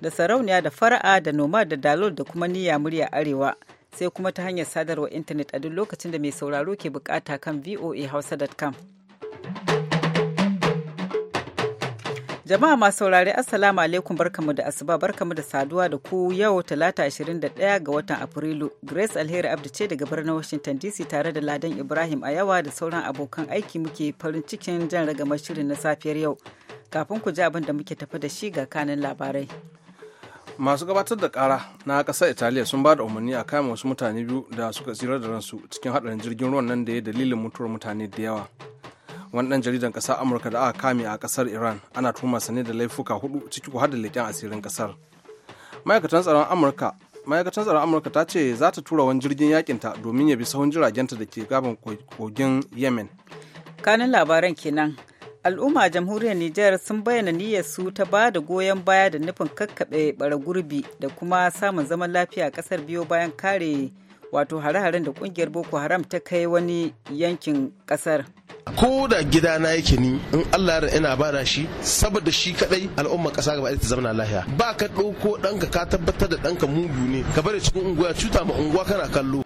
da sarauniya da fara'a da noma da dalol da kuma niyya murya arewa sai kuma ta hanyar sadarwa intanet a duk lokacin da mai sauraro ke bukata kan voahausa.com. Jama'a masu saurare Assalamu alaikum barkamu da asuba barkamu da saduwa da ku yau talata 21 ga watan Afrilu. Grace Alheri abdu ce daga birnin Washington DC tare da Ladan Ibrahim a yawa da sauran abokan aiki muke farin cikin jan ragamar shirin na safiyar yau. Kafin ku ji abin da muke tafi da shi ga kanin labarai. masu gabatar da kara na ƙasar italiya sun ba da umarni a kama wasu mutane biyu da suka tsira da ransu cikin haɗarin jirgin ruwan nan da ya dalilin mutuwar mutane da yawa wani ɗan jaridan ƙasar amurka da aka kame a kasar iran ana tuhumar sane ne da laifuka hudu ciki ko da leƙen asirin kasar. ma'aikatan tsaron amurka ma'aikatan tsaron amurka ta ce za ta tura wani jirgin yakinta domin ya bi sahun ta da ke gaban kogin yemen kanin labaran kenan al'umma jamhuriyar Nijar sun bayyana niyyar su ta ba da goyon baya da nufin kakkaɓe bara gurbi da kuma samun zaman lafiya a ƙasar biyo bayan kare wato hare-haren da ƙungiyar Boko Haram ta kai wani yankin ƙasar. ko da gidana yake ni in Allah ya ina bada shi saboda shi kadai al'umma kasa gaba ta zama lahiya ba ka ɗauko ɗanka ka tabbatar da ɗanka mugu ne ka bari cikin unguwa cuta ma unguwa kana kallo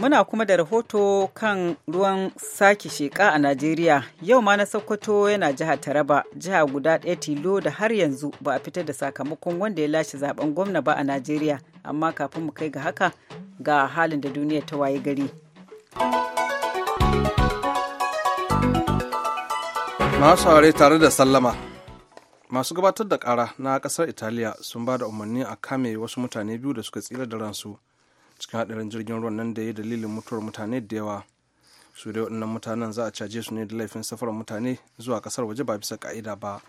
Muna kuma da rahoto kan ruwan sake sheƙa a Najeriya. Yau ma na Sokoto yana jiha Taraba, jiha guda ɗaya tilo da har yanzu ba a fitar da sakamakon wanda ya lashe zaben gwamna ba a Najeriya. Amma kafin mu kai ga haka ga halin da duniya ta waye gari. Masu tare da sallama. Masu gabatar da ƙara na ƙasar Italiya sun ba da umarni a kame wasu mutane biyu da suka tsira da ransu. cikin haɗarin jirgin ruwan nan da ya dalilin mutuwar mutane da yawa su dai waɗannan mutanen za a caje su ne da laifin safarar mutane zuwa kasar waje ba bisa ƙa'ida ba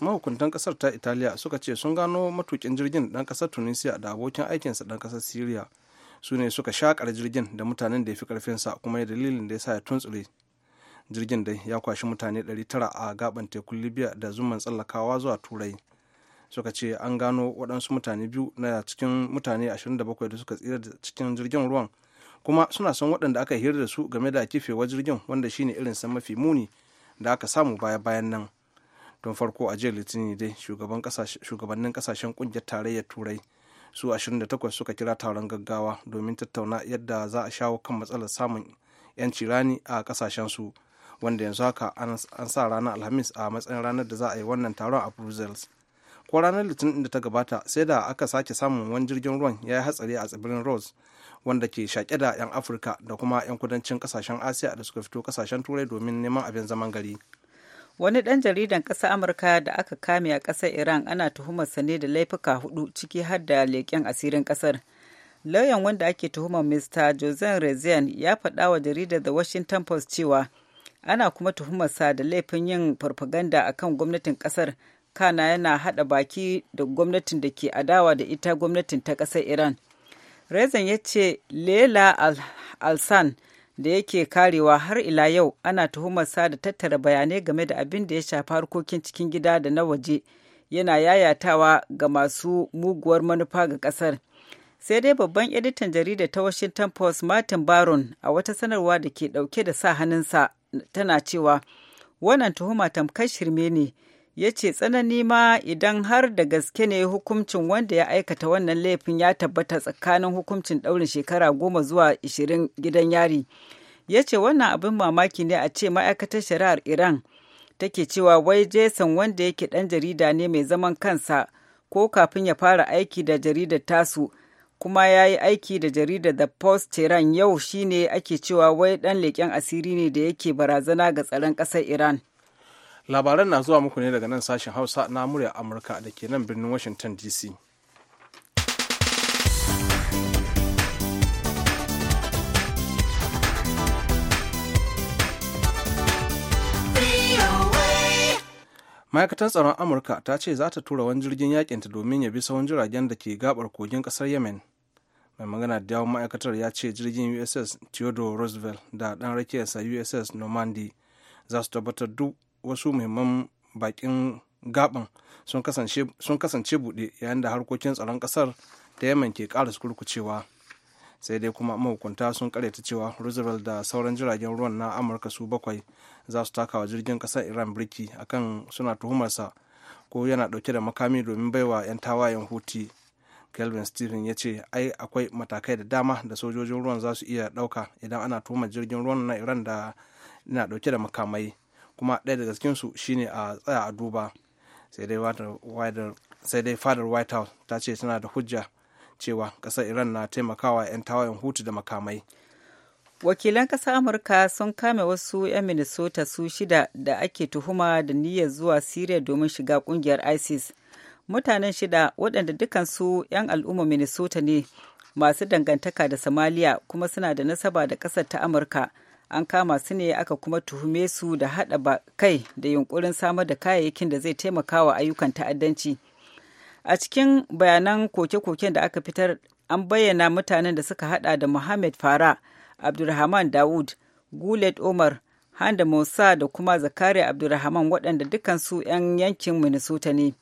mahukuntan kasar ta italiya suka ce sun gano matukin jirgin dan kasar tunisia da abokin aikinsa dan kasar syria su ne suka shakar jirgin da mutanen da ya fi ƙarfinsa kuma ya dalilin da ya sa ya tuntsure jirgin dai ya kwashi mutane 900 a gaban tekun libya da zuman tsallakawa zuwa turai suka ce an gano waɗansu mutane biyu na cikin mutane 27 da suka tsira cikin jirgin ruwan kuma suna son waɗanda aka hira da su game da kifewa jirgin wanda shine irin san mafi muni da aka samu baya bayan nan don farko a jiya litinin dai shugabannin kasashen kungiyar tarayyar turai su 28 suka kira taron gaggawa domin tattauna yadda za a shawo kan matsalar samun yanci rani a kasashen su wanda yanzu haka an sa ranar alhamis a matsayin ranar da za a yi wannan taron a brussels ko ranar litinin da ta gabata sai da aka sake samun wani jirgin ruwan ya yi hatsari a tsibirin rose wanda ke shaƙe da 'yan afirka da kuma 'yan kudancin kasashen asiya da suka fito kasashen turai domin neman abin zaman gari wani ɗan jaridan ƙasar amurka da aka kame a ƙasar iran ana tuhumarsa ne da laifuka hudu ciki har da leƙen asirin ƙasar lauyan wanda ake tuhumar mr jose rezian ya faɗa wa jaridar the washington post cewa ana kuma tuhumarsa da laifin yin farfaganda akan gwamnatin ƙasar kana yana haɗa baki da gwamnatin da ke adawa da ita gwamnatin ta ƙasar iran rezan ya ce lela alsan da yake karewa har ila yau ana tuhumarsa da tattara bayanai game da abin da ya shafi harkokin cikin gida da na waje yana yayatawa ga masu muguwar manufa ga ƙasar sai dai babban editan jarida ta washington post martin baron a wata sanarwa da ke dauke da sa hannunsa tana cewa wannan tuhuma tamkar shirme ne ya ce tsanani ma idan har da gaske ne hukuncin wanda ya aikata wannan laifin ya tabbata tsakanin hukuncin ɗaurin shekara goma zuwa ashirin gidan yari ya ce wannan abin mamaki ne a ce ma'aikatar shari'ar iran take cewa wai jason wanda yake ɗan jarida ne mai zaman kansa ko kafin ya fara aiki da jaridar tasu kuma ya yi aiki da jaridar the post tehran yau shine ake cewa wai ɗan leƙen asiri ne da yake barazana ga tsaron ƙasar iran labaran na zuwa muku ne daga nan sashen hausa na murya amurka da ke nan birnin washington dc ma'aikatar tsaron amurka ta ce za ta tura wani jirgin yakinta domin ya bi sawan jiragen da ke gabar kogin kasar yemen mai magana da yawon ma'aikatar ya ce jirgin uss theodore roosevelt da dan rakiyarsa uss normandy za su tabbatar duk wasu muhimman bakin gaban sun kasance buɗe yayin da harkokin tsaron ƙasar ta yaman ke ƙara kurkucewa sai dai kuma mahukunta sun karyata cewa roosevelt da sauran jiragen ruwan na amurka su bakwai za su takawa jirgin ƙasar iran birki akan suna tuhumarsa ko yana ɗauke da makami domin baiwa 'yan tawayen huti kelvin stephen ya ce ai akwai matakai da dama da sojojin ruwan za su iya ɗauka idan ana tuhumar jirgin ruwan na iran da na ɗauke da makamai kuma ɗaya daga cikinsu shine a tsaya a duba sai dai fadar white house ta ce tana da hujja cewa ƙasar iran na taimakawa 'yan tawayen hutu da makamai wakilan ƙasar amurka sun kame wasu 'yan minnesota su shida da ake tuhuma da niyyar zuwa syria domin shiga ƙungiyar isis mutanen shida waɗanda dukansu 'yan al'umma minnesota ne masu dangantaka da somalia kuma suna da nasaba da ƙasar ta amurka an kama su ne aka kuma tuhume su da haɗa kai da yunkurin samar da kayayyakin da zai taimaka wa ayyukan ta'addanci a cikin bayanan koke-koken da aka fitar an bayyana mutanen da suka haɗa da Mohammed fara abdulrahman dawud gulet omar handa musa da kuma zakari abdulrahman waɗanda dukansu 'yan yankin minnesota ne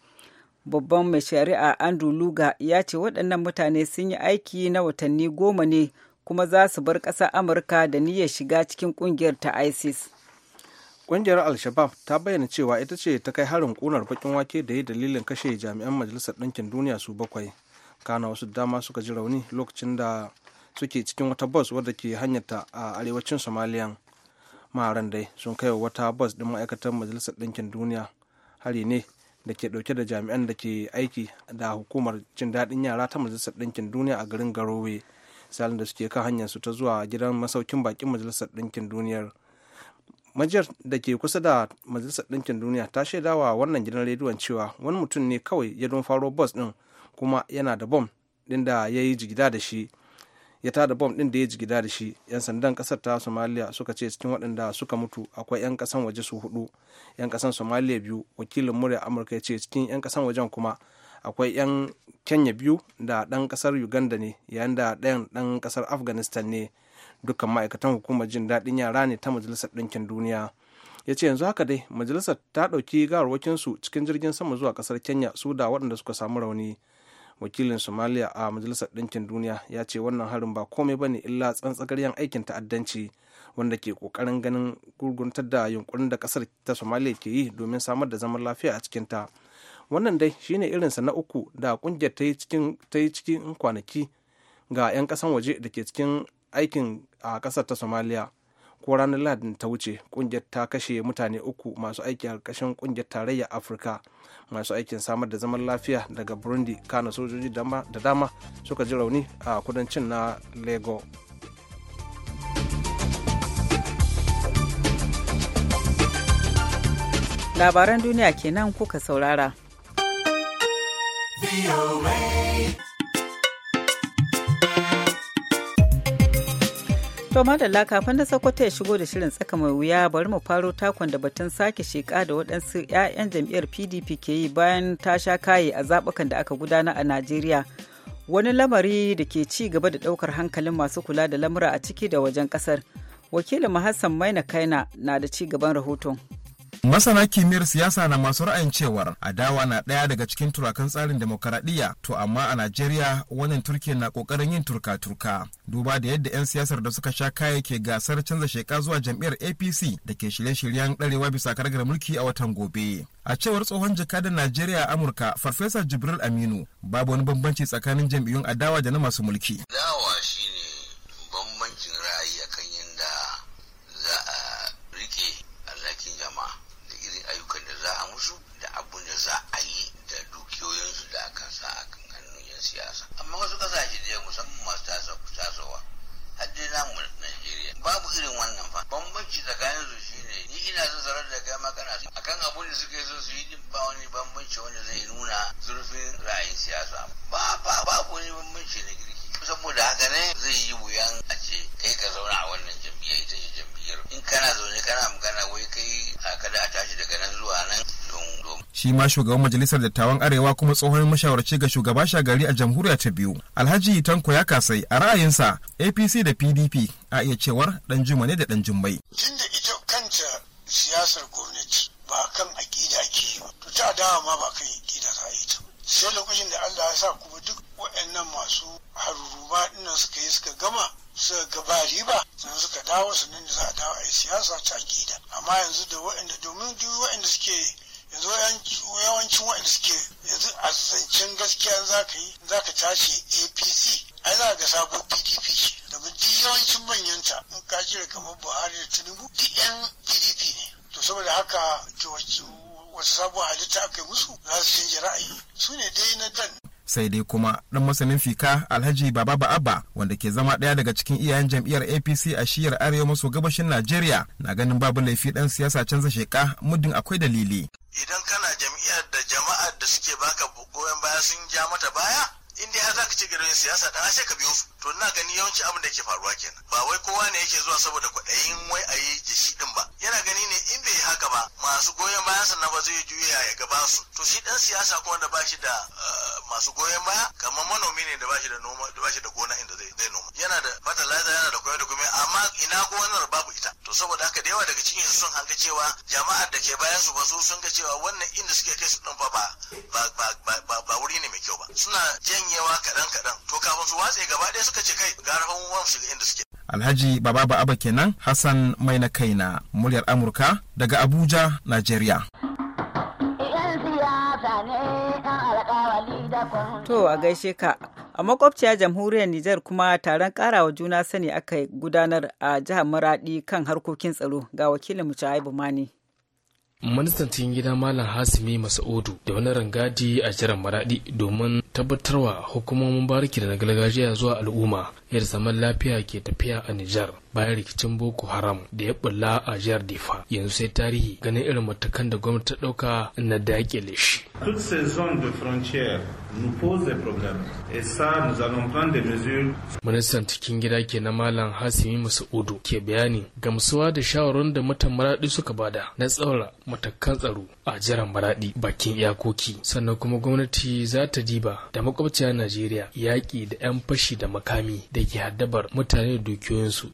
babban mai shari'a andrew luga ya ce waɗannan mutane sun yi aiki na watanni goma ne kuma za su bar ƙasar amurka da niyyar shiga cikin ƙungiyar ta isis ƙungiyar al-shabab ta bayyana cewa ita ce ta kai harin ƙunar bakin wake da ya dalilin kashe jami'an majalisar ɗinkin duniya su bakwai kana wasu dama suka ji rauni lokacin da suke cikin wata bus wadda ke hanyarta a arewacin somaliya maharan dai sun kai wata bus ɗin ma'aikatan majalisar ɗinkin duniya hari ne da ke ɗauke da jami'an da ke aiki da hukumar jin daɗin yara ta majalisar ɗinkin duniya a garin garowe misalin da suke kan hanyar su ta zuwa gidan masaukin bakin majalisar ɗinkin duniyar majiyar da ke kusa da majalisar ɗinkin duniya ta shaidawa wannan gidan rediyon cewa wani mutum ne kawai ya don faro bus ɗin kuma yana da bom ɗin da ya yi jigida da shi ya tada bom ɗin da ya jigida da shi yan sandan ƙasar ta somaliya suka ce cikin waɗanda suka mutu akwai yan kasan waje su hudu yan kasan somaliya biyu wakilin murya amurka ya ce cikin yan kasan wajen kuma akwai 'yan kenya biyu da ɗan ƙasar uganda ne yayin da ɗayan ɗan ƙasar afghanistan ne dukkan ma'aikatan hukumar jin daɗin yara ne ta majalisar ɗinkin duniya ya ce yanzu haka dai majalisar ta ɗauki gawarwakinsu cikin jirgin sama zuwa ƙasar kenya su da waɗanda suka samu rauni wakilin Somalia a majalisar ɗinkin duniya ya ce wannan harin ba komai ba ne illa 'yan aikin ta'addanci wanda ke ƙoƙarin ganin gurguntar da yunkurin da ƙasar ta Somalia ke yi domin samar da zaman lafiya a cikinta wannan dai shine irinsa na uku da kungiyar ta yi cikin kwanaki ga 'yan kasan waje da ke cikin aikin a kasar ta somaliya ko ranar ladin ta wuce kungiyar ta kashe mutane uku masu aiki a ƙarƙashin kungiyar tarayyar afirka masu aikin samar da zaman lafiya daga burundi kana sojoji da dama suka ji rauni a kudancin na lego. labaran duniya kenan kuka saurara To madalla kafin da Sokoto ya shigo da shirin tsaka mai wuya bari mu faro takon da batun sake sheka da waɗansu 'ya'yan jam'iyyar PDP ke yi bayan ta sha kaye a zaɓukan da aka gudana a Najeriya. Wani lamari da ke ci gaba da ɗaukar hankalin masu kula da lamura a ciki da wajen ƙasar. Wakilin Mahassan Maina Kaina na da ci gaban rahoton. Masana kimiyyar siyasa na masu ra'ayin cewar adawa na ɗaya daga cikin turakan tsarin demokaradiyya to amma a Najeriya wannan turkiya na kokarin yin turka-turka. Duba da yadda 'yan siyasar da suka sha kaya ke gasar canza sheka zuwa jam'iyyar APC da ke shirye-shiryen ɗarewa bisa karagar mulki a watan gobe. A cewar tsohon jakadan Najeriya a Amurka, Farfesa Jibril Aminu, babu wani bambanci tsakanin jam'iyyun adawa da na masu mulki. adawa shine ma shugaban majalisar dattawan arewa kuma tsohon mashawarci ga shugaba shagari a jamhuriya ta biyu alhaji tanko ya kasai a ra'ayinsa apc da pdp a iya cewar dan juma ne da dan jummai inda ita kanta siyasar gwamnati ba kan aƙida ke yi ba to ta dama ma ba kan aƙida za a yi ta sai lokacin da allah ya sa kuma duk waɗannan masu haruruma dinnan suka yi suka gama suka gaba ba, sun suka dawo sannan da za a dawo a yi siyasa ta aƙida amma yanzu da waɗanda domin duk waɗanda suke yawancin waɗanda suke yanzu a zancen gaskiya za ka yi za ka tashi apc ai za ga sabo pdp da domin duk yawancin manyanta in ka jira kamar buhari da tinubu duk yan pdp ne to saboda haka wasu sabuwar halitta aka yi musu za su canja ra'ayi su ne dai na dan sai dai kuma dan masanin fika alhaji baba ba'abba wanda ke zama ɗaya daga cikin iyayen jam'iyyar apc a shiyar arewa maso gabashin najeriya na ganin babu laifi ɗan siyasa canza sheka muddin akwai dalili idan kana jam'iyyar da jama'ar da suke baka goyon baya sun ja mata baya in dai har zaka ci garin siyasa dan ashe ka biyo su to ina gani yawanci abin da yake faruwa kenan ba wai kowa ne yake zuwa saboda kwaɗayin wai a yi shi din ba yana gani ne in bai haka ba masu goyon bayan sannan ba zai juya ya gaba su to shi dan siyasa kuma da ba shi da eh, masu goyon baya kamar manomi ne da bashi da noma da bashi da gona inda zai zai noma yana da fertilizer yana da koyar da kuma amma ina gonar babu ita to saboda haka da yawa daga cikin su sun hanga cewa jama'ar da ke bayan su ba su sun ga cewa wannan inda suke kai su din ba ba ba ba wuri ne mai kyau ba suna janyewa kaɗan kadan to kafin su watse gaba ɗaya suka ce kai gara fa shiga inda suke Alhaji Baba Ba'aba kenan Hassan Mai na kaina muryar Amurka daga Abuja, Najeriya. To a gaishe ka. A makwabciya jamhuriyar Nijar kuma taron karawa juna sani aka gudanar a jihar Maradi kan harkokin tsaro ga wakilin mu Shaibu Mani. Ministan cikin gida Malam Hasimi Masaudu da wani rangadi a jiran Maradi domin tabbatarwa hukumomin bariki da na gargajiya zuwa al'umma yar zaman lafiya ke tafiya a Nijar bayan rikicin Boko Haram da ya bulla a jihar Difa yanzu sai tarihi ganin irin matakan da gwamnati ta dauka na dakile shi. Toutes ces zones de frontière nous posent des problèmes et ça nous allons prendre des mesures. Ministan cikin gida ke na Malam Hasimi mas'udu ke bayani gamsuwa da shawarun da mutan maradi suka bada na tsaura matakan tsaro a jiran maradi bakin iyakoki sannan kuma gwamnati za ta diba da makwabciya Najeriya yaƙi da 'yan fashi da makami da da ke haddabar mutane da dukiyoyinsu.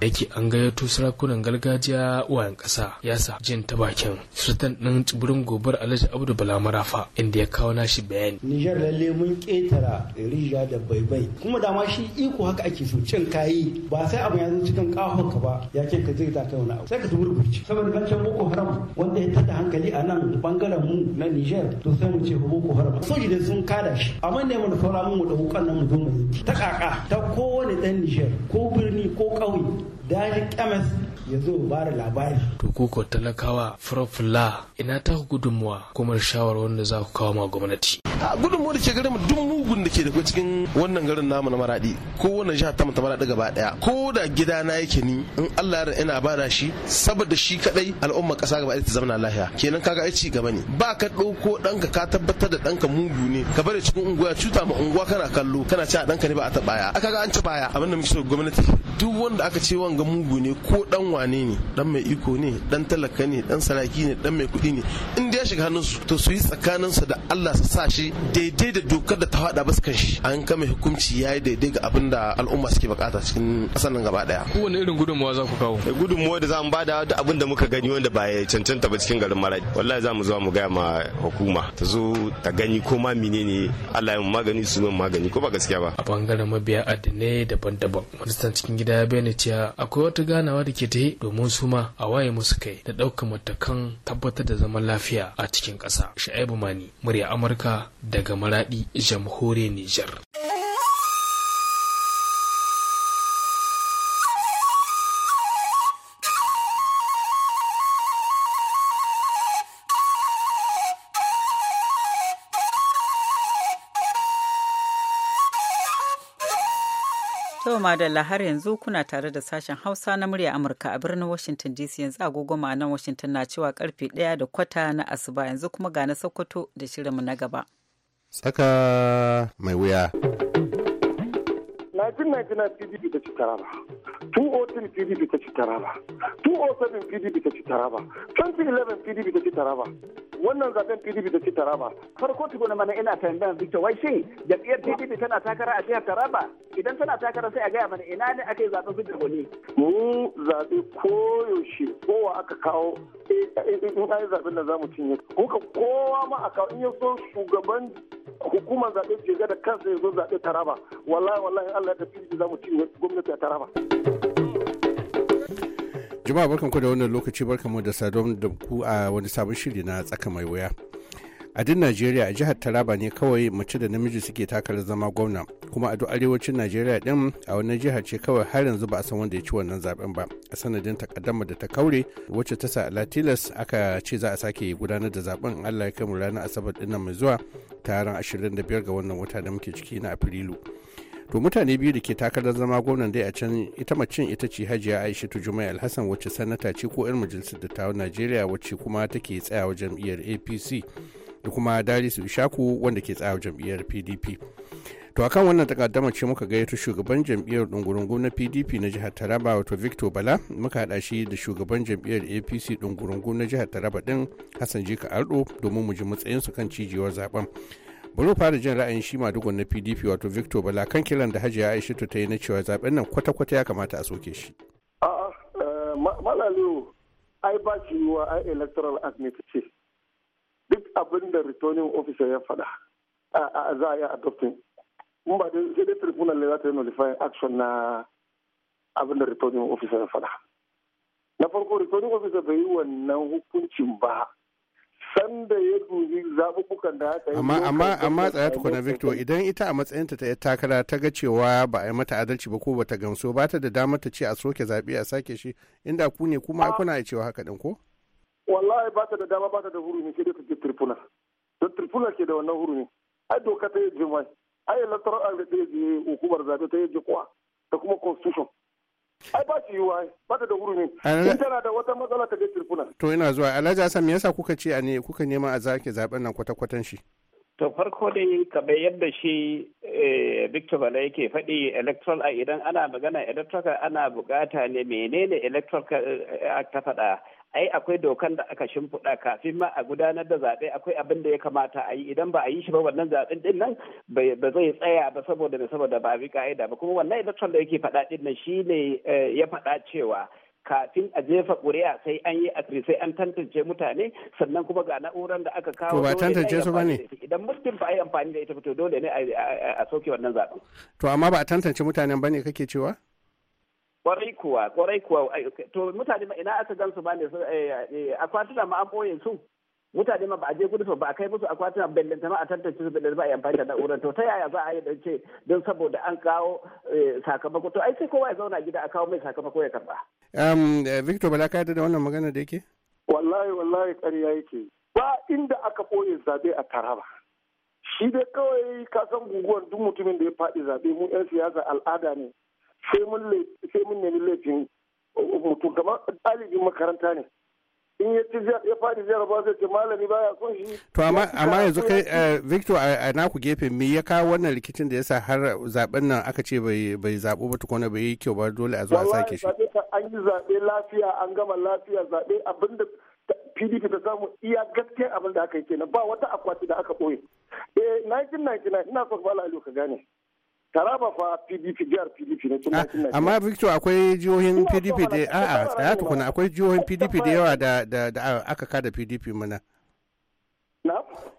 Da ke an gayyato sarakunan gargajiya wayan ƙasa ya sa jin ta bakin sultan ɗin tsibirin gobar alhaji abdu bala marafa inda ya kawo nashi bayani. Nijar lalle mun ƙetara rija da baibai kuma dama shi iko haka ake so cin kayi ba sai abu ya zo cikin ka ba ya ce ka zai ta kai wani abu sai ka ci. saboda zancen boko haram wanda ya tada hankali a nan bangaren mu na Nijar to sai mu ce boko haram soji da sun kada shi amma ne mun da sauran da hukan nan mutum ta kaka ta kowane dan Niger ko birni ko ƙauye daji kamas ya zo ba da labari. To ko talakawa furafula ina ta gudunmuwa kuma shawarwar wanda za ku kawo ma gwamnati. A gudunmuwa da ke gare mu duk mugun da ke da cikin wannan garin namu na maraɗi ko wannan jihar ta maraɗi gaba daya ko da gida na yake ni in Allah ya ina da shi saboda shi kadai al'umma kasa gaba ɗaya ta zama lafiya kenan kaga ai ci gaba ne ba ka dauko ɗanka ka tabbatar da danka mugu ne ka bari cikin unguwa cuta kana unguwa kana kallo kana ci a ɗanka ne ba a ta baya aka ga an ci baya abin da muke so gwamnati duk wanda aka ce wanga mugu ne ko dan wane ne dan mai iko ne dan talaka ne dan saraki ne dan mai kuɗi ne in ya shiga hannunsu to su yi tsakaninsu da Allah su sa shi daidai da dokar da ta ba su kan shi an kama hukunci yi daidai ga abin da al'umma suke bukata cikin ƙasar nan gaba daya kowane irin gudunmuwa za ku kawo eh, gudunmuwa da za mu bada da abin da muka gani wanda ba ya cancanta ba cikin garin Maradi wallahi za mu zo mu gaya ma hukuma ta zo ta gani ko ma menene Allah ya mu magani su mu magani ko ba gaskiya ba a bangaren mabiya addinai daban-daban ministan cikin gida ya bayyana cewa akwai wata ganawa da ke ta yi domin su ma a waye musu kai da ɗaukar matakan tabbatar da zaman lafiya a cikin ƙasa. Sha'ibu Mani, murya Amurka daga Maraɗi, jamhuriyar Nijar. da lahar yanzu kuna tare da sashen Hausa na murya Amurka a birnin Washington DC yanzu agogo ma'anan Washington na cewa karfe ɗaya da kwata na asuba yanzu kuma ga Sokoto da shirinmu na gaba. Tsaka mai wuya. 1999 pdp ta ci taraba 2003 pdp ta ci taraba 2007 pdp ta ci taraba 2011 pdp ta ci taraba wannan zaben pdp ta ci taraba farko na mana ina tambayan victor wai shin jam'iyyar pdp tana takara a jihar taraba idan tana takara sai a gaya mana ina ne aka yi zaben victor goni mu zaɓe koyaushe kowa aka kawo eh, eh, eh, in an yi zaɓen da za mu cinye ko ka kowa ma a kawo in ya so shugaban hukumar zaɓe jega da kansa ya zo zaɓe taraba wallahi wallahi allah ya tafi za mu ci gwamnati a taraba. jama'a barkan ku da wannan lokaci barkan mu da sadon da ku a wani sabon shiri na tsaka mai wuya a duk najeriya a jihar taraba ne kawai mace da namiji suke takarar zama gwamna kuma a duk arewacin najeriya din a wannan jihar ce kawai har yanzu ba a san wanda ya ci wannan zaben ba a sanadin takaddama da ta kaure wacce ta sa latilas aka ce za a sake gudanar da zaben allah ya kai mu ranar asabar dinnan mai zuwa ta ran 25 ga wannan wata da muke ciki na afrilu to mutane biyu da ke takarar zama gwamnan dai a can ita macin ita ce hajiya aisha jumai alhassan wacce sanata ce ko 'yan majalisar dattawan najeriya wacce kuma take tsayawa jam'iyyar apc da kuma darisu ishaku wanda ke tsaya jam'iyyar pdp to a kan wannan takaddama ce muka gayyato shugaban jam'iyyar dungurungu na pdp na jihar taraba wato victor bala muka haɗa shi da shugaban jam'iyyar apc dungurungu na jihar taraba din hassan jika ardo domin mu ji su kan cijewar zaben bari fara jin ra'ayin shi dugun na pdp wato victor bala kan kiran da hajiya to ta yi na cewa zaben nan kwata-kwata ya kamata a soke shi a'a eh, malaliyo ai ba shi wa ai electoral act ce duk abin da returning officer ya faɗa za a yi adopting mun ba dai sai dai tribunal ne za ta yi notifying action na abin da returning officer ya faɗa na farko returning officer bai yi wannan hukuncin ba sanda ya dubi zaɓuɓɓukan da aka yi amma amma amma tsaya tukuna victor idan ita a matsayinta ta takara ta ga cewa ba a yi mata adalci ba ko ba ta gamsu ba ta da damar ta ce a soke zaɓe a sake shi inda ku ne kuma kuna cewa haka ɗin ko wallahi ba ta da dama ba ta da hurumi ke dai ta je tribunal don tribunal ke da wannan hurumi ai doka ta yi jimai ai electoral act ta yi hukumar zaɓe ta yi jikuwa da kuma constitution ai ba shi yiwuwa ba ta da hurumi in tana da wata matsala ta je tripuna to ina zuwa alhaji hasan me yasa kuka ce a ne kuka nema a zake zaben nan kwata-kwatan shi. To farko dai kamar yadda shi eh, Victor Bala yake faɗi electoral a idan ana magana electoral ana bukata ne menene electoral ta faɗa ai akwai dokan da aka shimfiɗa kafin ma a gudanar da zaɓe akwai abin da ya kamata a yi idan ba a yi shi ba wannan zaɓen din nan ba zai tsaya ba saboda ne saboda ba a bi ka'ida ba kuma wannan election da yake faɗa din nan shi ne eh, ya faɗa cewa kafin a jefa ƙuri'a sai an yi atri sai an tantance mutane sannan kuma ga na'urar da aka kawo ba tantance su bane idan mutum ba a yi amfani da ita to dole ne a soke wannan zaɓen to amma ba a tantance mutanen bane kake cewa kwarai kuwa kwarai kuwa to mutane ma ina aka gansu ba ne eh, eh, akwatuna ma an boye su mutane ma ba a je gudu ba a kai musu akwatuna bellanta ma a tantance su bellanta ba a amfani da na'urar to ta yaya za a yi dace don saboda an kawo eh, sakamako to ai sai kowa ya zauna gida a kawo mai sakamako ya karba. Victor Bala ka da wannan magana da yake? Wallahi wallahi ƙarya yake ba inda aka ɓoye zaɓe a Taraba. Shi dai kawai kasan guguwar duk mutumin da ya faɗi zaɓe mu 'yan siyasa al'ada ne. sai mun nemi laifin mutum kamar ɗalibin makaranta ne in ya ci ya fadi raba zai ce malami baya son shi to amma yanzu kai eh, victor a naku gefe me ya kawo wannan rikicin da ya sa har zaben nan aka ce bai zaɓo ba tukuna bai yi kyau ba dole a zo a sake shi an yi zaɓe lafiya an gama lafiya zaɓe abinda pdp ta samu iya gaskiyar abin da aka yi kenan ba wata akwati da aka ɓoye eh 1999 ina son bala aliyu ka gane taraba fa pdp jihar pdp ne tun ah, amma victor akwai jihohin pdp da a'a tsaya tukuna akwai jihohin pdp da yawa da aka kada pdp mana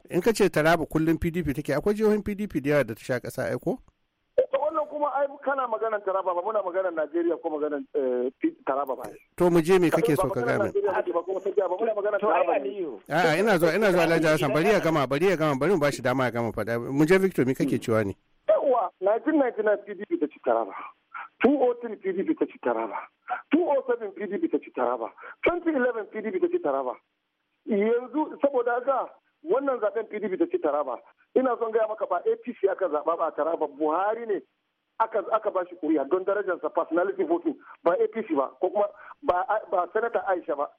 in ka ce taraba kullum pdp take akwai jihohin pdp da yawa da ta sha kasa aiko wannan kuma ai kana maganar taraba ba muna maganar najeriya ko maganar eh, taraba ba to mu je me kake so ka gane a'a ina zuwa ina zuwa alhaji hassan bari ya gama bari ya gama bari mu bashi dama ya gama faɗa mu je victor me kake hmm. cewa ne a 1999 pdp ta ci taraba 2003 pdp ta ci taraba 2007 pdp ta ci taraba 2011 pdp ta ci taraba yanzu saboda haka wannan zaben pdp ta ci taraba ina son gaya maka ba apc aka zaba ba ba buhari ne aka aka ba shi kuriya don darajarsa personality voting ba apc ba ko kuma ba senator aisha ba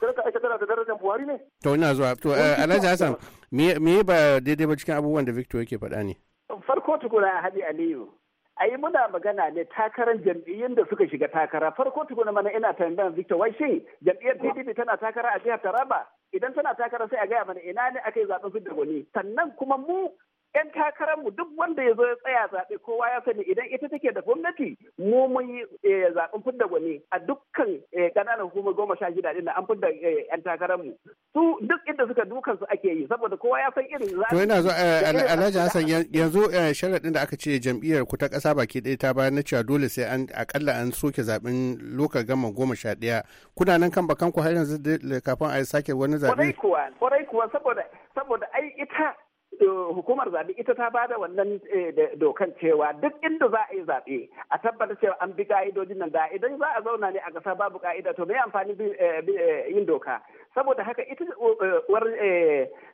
sarka tana da darajar buhari ne to ina zuwa to eh, alhaji hassan me ba daidai ba cikin abubuwan da victor yake faɗa ne farko tukuna hadi aliyu a yi muna magana ne takarar jam'iyyun da suka shiga takara farko tukuna mana ina tambayan victor wai shin jam'iyyar pdp tana takara a jihar taraba idan tana takara sai a gaya mana ina ne aka yi zaɓen fidda gwani sannan kuma mu 'yan takararmu duk wanda ya zo ya tsaya zaɓe kowa ya sani idan ita take da gwamnati mu mun yi eh, zaɓen fidda gwani a dukkan eh, ƙananan hukumar goma sha shida ɗin da an fidda eh, 'yan takararmu su duk inda suka dukan su ake yi saboda kowa ya san irin zaɓe. to yana zo alhaji hassan yanzu sharaɗin da aka ce jam'iyyar ku ta ƙasa baki ɗaya ta bayar na cewa dole sai an aƙalla an soke zaɓen lokal gama goma sha ɗaya kuna nan kan bakan ku har yanzu kafin a sake wani zaɓe. kwarai kuwa kwarai kuwa saboda saboda ai ita hukumar zaɓe ita ta ba da wannan eh, dokan cewa duk inda za a yi zaɓe a tabbata cewa an bi ka'idojin nan da idan za a zauna ne a gasa babu ka'ida to mai amfani eh, eh, yin doka saboda haka ita uwar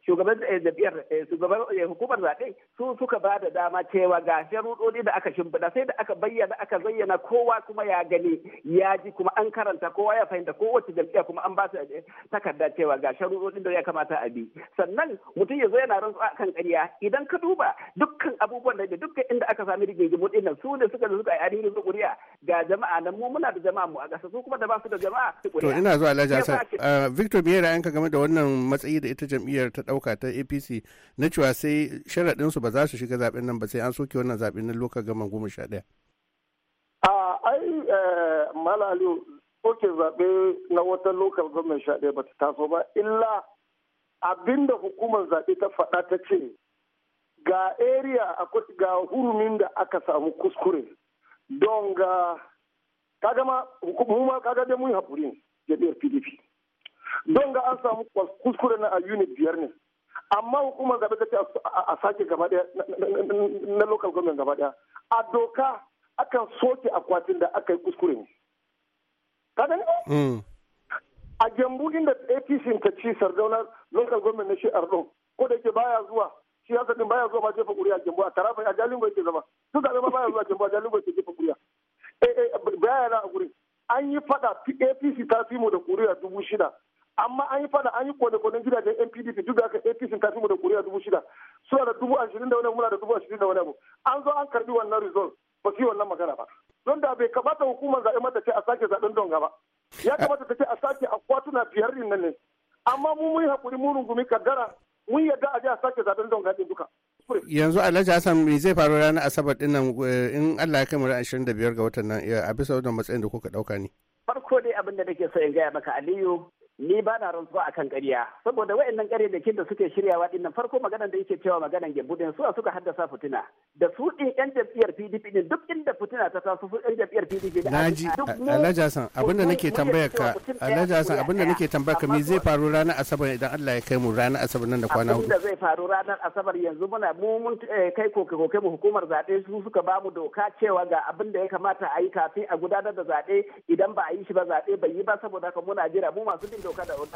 shugaban jam'iyyar shugaban hukumar zaɓe su suka ba da dama cewa ga sharuɗoɗi da aka shimfiɗa sai da aka bayyana aka zayyana kowa kuma ya gani ya ji kuma an karanta kowa ya fahimta kowace jam'iyya kuma an ba su takarda cewa ga sharuɗoɗin da ya kamata a bi sannan mutum ya zo yana rantsuwa kan ƙarya idan ka duba dukkan abubuwan da dukkan inda aka sami rigingimu din nan su ne suka da suka yi ainihin su ƙuri'a ga jama'a nan mu muna da jama'a mu a ƙasa su kuma da ba su da jama'a su ƙuriya. to ina zuwa alhaji hassan uh, victor biyar yanka game da wannan matsayi da ita jam'iyyar ta ɗauka ta apc na cewa sai sharaɗin su ba za su shiga zaɓen nan ba sai an soke wannan zaɓen na lokacin gama goma sha ɗaya. a ai eh, malali soke zaɓe na wata lokal gwamnati sha ɗaya ba ta taso ba illa abinda hukumar zaɓe ta faɗa ta ce ga area ga hurumin da aka samu kuskure don ga kagama hukumar mun haƙuri jam'iyyar pdp don ga an samu kuskure na a unit biyar ne amma hukumar zaɓe ta ce a sake gaba ɗaya na local government gaba ɗaya a doka akan soke akwatin da aka yi kuskure ne a jambu inda apc ta ci sardauna local government na shi ardo ko da yake baya zuwa shi din baya zuwa ma jefa kuri'a jambu a tarafa a jalingo yake zama su zabe ma baya zuwa jambu a jalingo yake jefa kuri'a eh, eh, baya na a kuri. an yi fada apc ta fi mu da kuri'a dubu shida amma an yi fada an yi kone-kone gidajen npdp duk da aka apc ta fi mu da kuri'a dubu shida suna da dubu ashirin da wani muna da dubu ashirin da wani abu an zo an karbi wannan result ba su yi wannan magana ba don da bai kamata hukumar zaɓe mata ce a sake zaɓen don ba ya kamata ta ce a sake a akwatuna biyar din nan ne amma mu mun hakuri mun rungumi kaddara mun yadda a je a sake zaɓen don din duka yanzu alhaji hassan me zai faru ranar asabar din nan eh, in allah ya kai mu ashirin da biyar ga watan nan a bisa wannan matsayin da kuka ɗauka ne farko dai abin da nake so in gaya maka aliyu ni ba na rantsuwa kan ƙarya saboda waɗannan ƙarya da suke shiryawa ɗin nan farko maganar da yake cewa maganar gembu din su suka haddasa fitina da su din yan jam'iyyar PDP ɗin duk inda fitina ta taso su yan jam'iyyar PDP da Naji Alhaji hasan abinda nake tambayar ka Alhaji hasan abinda nake tambayar ka me zai faru ranar Asabar idan Allah ya kai mu ranar Asabar nan da kwana hudu abinda zai faru ranar Asabar yanzu muna mu mun eh, kai koke koke mu hukumar zaɓe su suka ba mu doka cewa ga abin da ya kamata a yi kafin a gudanar da zaɓe idan ba a yi shi ba zaɓe bai yi ba saboda haka muna jira mu masu bin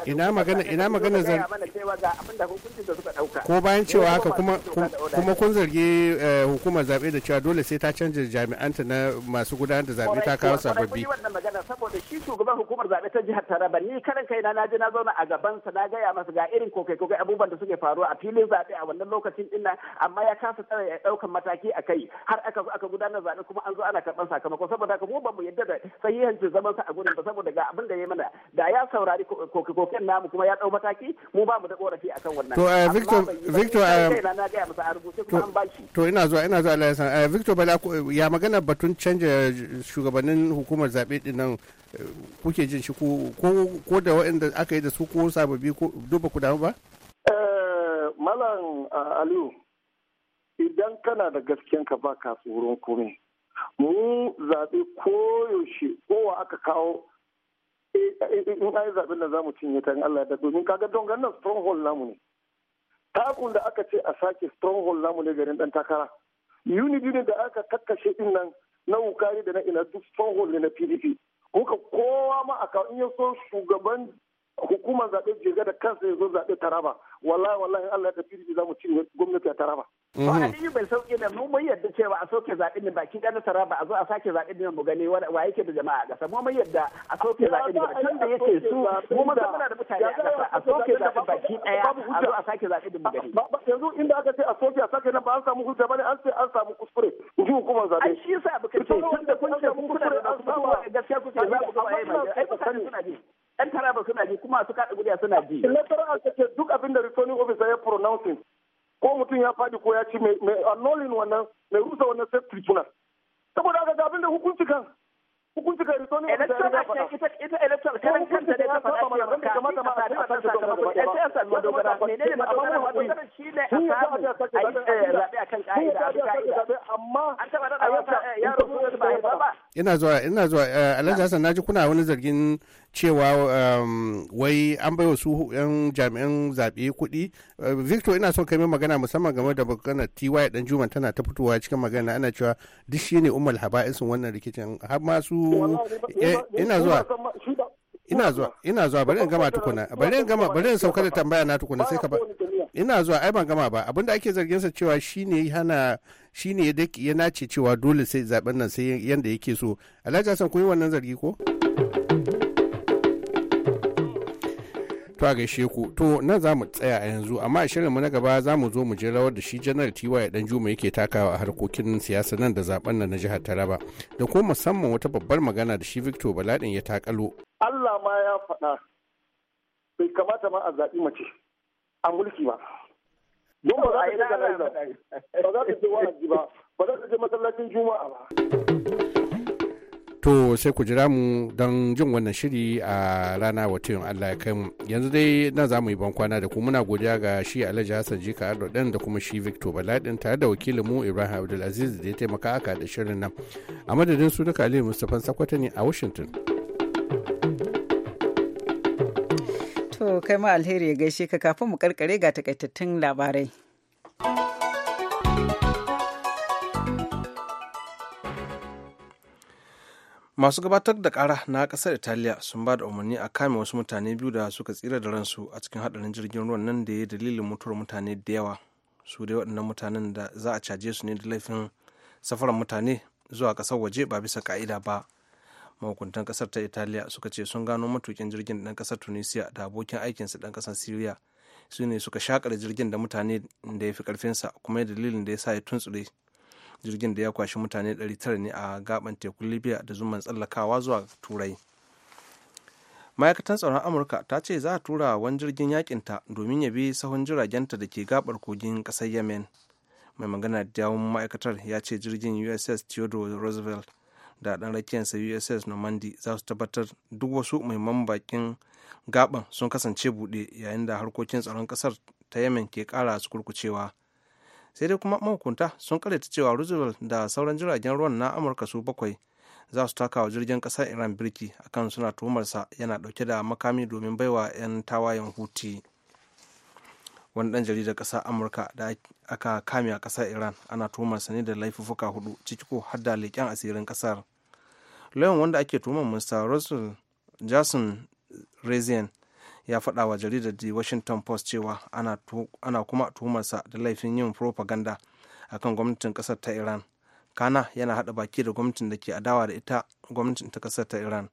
ina magana ina magana zan ko bayan cewa haka kuma kuma kun zargi eh, hukumar zabe da cewa dole sai ta canja jami'anta na masu gudanar da zabe ta kawo sababbi wannan magana saboda shi shugaban hukumar zabe ta jihar Taraba ni karan kai na naje na zauna a gaban sa na gaya masa ga irin kokai kokai abubuwan da suke faruwa a filin zabe a wannan lokacin din amma ya kasa tsara ya daukan mataki a kai har aka zo aka gudanar zabe kuma an zo ana karban sakamako saboda haka mu ba mu yadda da sahihancin zaman sa a gurin ba saboda ga abin da ya mana da ya saurari koke-koken namu kuma ya dau mataki mu ba mu da korafi akan wannan to eh, victor victor eh, na ga masa a rubuce kuma an bashi to ina zuwa ina zuwa Allah ya san eh, victor bala ya magana batun canja shugabannin hukumar zabe din nan kuke jin shi ko ko da waɗanda aka yi da su ko sababi ko duba ku damu ba malam aliyu idan kana da gasken ka ba ka tsoron kome mu zaɓe koyaushe kowa aka kawo in an yi zaɓen da za cinye ta in Allah ya domin kaga don ganin stronghold namu ne takun da aka ce a sake stronghold namu ne garin dan takara unity ne da aka kakkashe din nan na wukari da na ina duk stronghold ne na pdp ka kowa ma a in ya son shugaban hukumar zaɓe jirga da kansa ya zo zaɓe taraba wallahi wallahi Allah ya tafi za mu cinye gwamnati a taraba To Aliyu bai sauke da mu mun yadda cewa a soke zaɓe ne baki ɗan nasara ba a zo a sake zaɓen ne mu gani wa yake da jama'a a ƙasa mu mun yadda a soke zaɓen ne tun da yake su mu mun zama da mutane a ƙasa a soke zaɓen baki ɗaya a zo a sake zaɓen ne mu gani. Yanzu inda aka ce a soke a sake nan ba an samu hujja bane an ce an samu kuskure ji hukumar zaɓe. Ai shi yasa ba kace tun da kun ce kun kuna da kuskure gaskiya kuke za ku gaba ai ba ai mutane suna ji. Ɗan taraba suna ji kuma su kaɗa gudiya suna ji. Electoral Act ce duk abin da returning officer ya pronouncing ko mutum ya faɗi ko ya ci mai annolin wannan mai rusa wannan sai tribunal saboda haka ga abin da hukunci kan hukunci kan rito ne da ya faɗa ita ta faɗa a ta sakamakon ita ya a a akan ka'ida a ina zuwa ina zuwa eh, alhaji hassan naji kuna wani zargin cewa um, wai an baiwa su yan jami'an zaɓe kuɗi eh, victor ina son kai magana musamman game da magana ty dan juma tana ta fitowa cikin magana ana cewa duk shi ne umar haba'isin wannan rikicin har ma su eh, ina zuwa ina zuwa ina zuwa bari in gama tukuna bari in gama bari in sauka da tambaya na tukuna sai ka ba ina zuwa ai ban gama ba abinda ake zargin sa cewa shine hana shi shine ya nace cewa dole sai zaben nan sai yanda yake so alhaji hassan kun yi wannan zargi ko to a gaishe ku to nan za mu tsaya a yanzu amma a shirin mu na gaba za mu zo mu je rawar da shi janar tiwa ya juma yake takawa a harkokin siyasa nan da zaben nan na jihar taraba da ko musamman wata babbar magana da shi victor baladin ya takalo allah ma ya faɗa bai kamata ma a zaɓi mace a mulki ba to sai ku jira mu don jin wannan shiri a rana wata yin Allah ya kai mu yanzu dai na za mu yi kwana da ku muna godiya ga shi Alhaji Hassan Jika Ardo ɗin da kuma shi Victor Baladin tare da wakilin mu Ibrahim Abdulaziz da ya taimaka aka da shirin nan a madadin su duka Aliyu Mustapha Sakwata ne a Washington. To kai ma alheri ya gaishe ka kafin mu karkare ga takaitattun labarai. masu gabatar da kara na kasar italiya sun ba da umarni a kame wasu mutane biyu da suka tsira da ransu a cikin hadarin jirgin ruwan nan da ya yi dalilin mutuwar mutane da yawa su dai waɗannan mutanen da za a caje su ne da laifin safarar mutane zuwa ƙasar waje ba bisa ka'ida ba mahukuntan ƙasar ta italiya suka ce sun gano matukin jirgin ɗan ƙasar tunisia da abokin aikinsa ɗan ƙasar syria su ne suka shakar jirgin da mutane da ya fi karfinsa kuma dalilin da ya sa ya tuntsure jirgin da ya kwashi mutane 900 ne a gaban tekun libya da zuman tsallakawa zuwa turai ma'aikatan tsaron amurka ta ce za a tura wani jirgin yakinta domin ya bi sahun jiragenta da ke gabar kogin kasar yemen mai magana da yawon ma'aikatar ya ce jirgin uss theodore roosevelt da dan rakiyarsa uss normandy za su tabbatar duk wasu muhimman bakin gaban sun kasance buɗe yayin da harkokin tsaron ƙasar ta yemen ke kara su kurkucewa sai dai kuma mahukunta sun karyata cewa roosevelt da sauran jiragen ruwan na amurka su bakwai za su taka wa jirgin ƙasar iran birki akan suna tuhumarsa yana ɗauke da makami domin baiwa 'yan tawayen huti wani dan jaridar kasar amurka da aka kame a ƙasar iran ana tuhumarsa ne da laifuffuka hudu ciki ko har da leƙen asirin ƙasar lauyan wanda ake tuhumar mr russell jason rezien ya faɗa wa jaridar the washington post cewa ana kuma tuhumarsa da laifin yin propaganda akan gwamnatin ƙasar ta iran kana yana haɗa baki da gwamnatin da ke adawa da ita gwamnatin ta ƙasar ta iran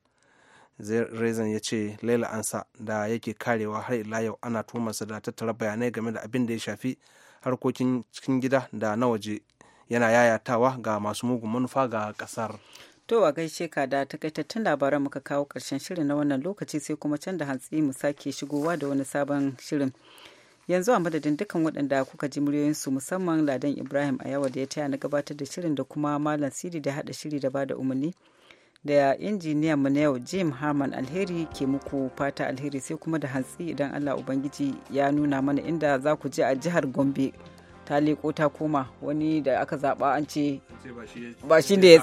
rezan ya ce laila ansa da yake karewa har ila yau ana tuhumarsa da tattara bayanai game da abin da ya shafi harkokin cikin gida da na waje yana yayatawa ga masu mugun manufa ga kasar To a gaishe ka da takaitattun labaran muka kawo ƙarshen shirin na wannan lokaci sai kuma can da hantsi mu sake shigowa da wani sabon shirin. Yanzu a madadin dukkan waɗanda kuka ji muryoyinsu musamman Ladan Ibrahim a yawa da ya taya na gabatar da shirin da kuma Malam Sidi da haɗa shiri da bada umarni. Da injiniya mu na yau Jim Harman Alheri ke muku fata alheri sai kuma da hantsi idan Allah Ubangiji ya nuna mana inda za ku je a jihar Gombe. ta leko ta koma wani da aka zaba an ce ba shi ne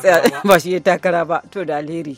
ya takara ba to da alheri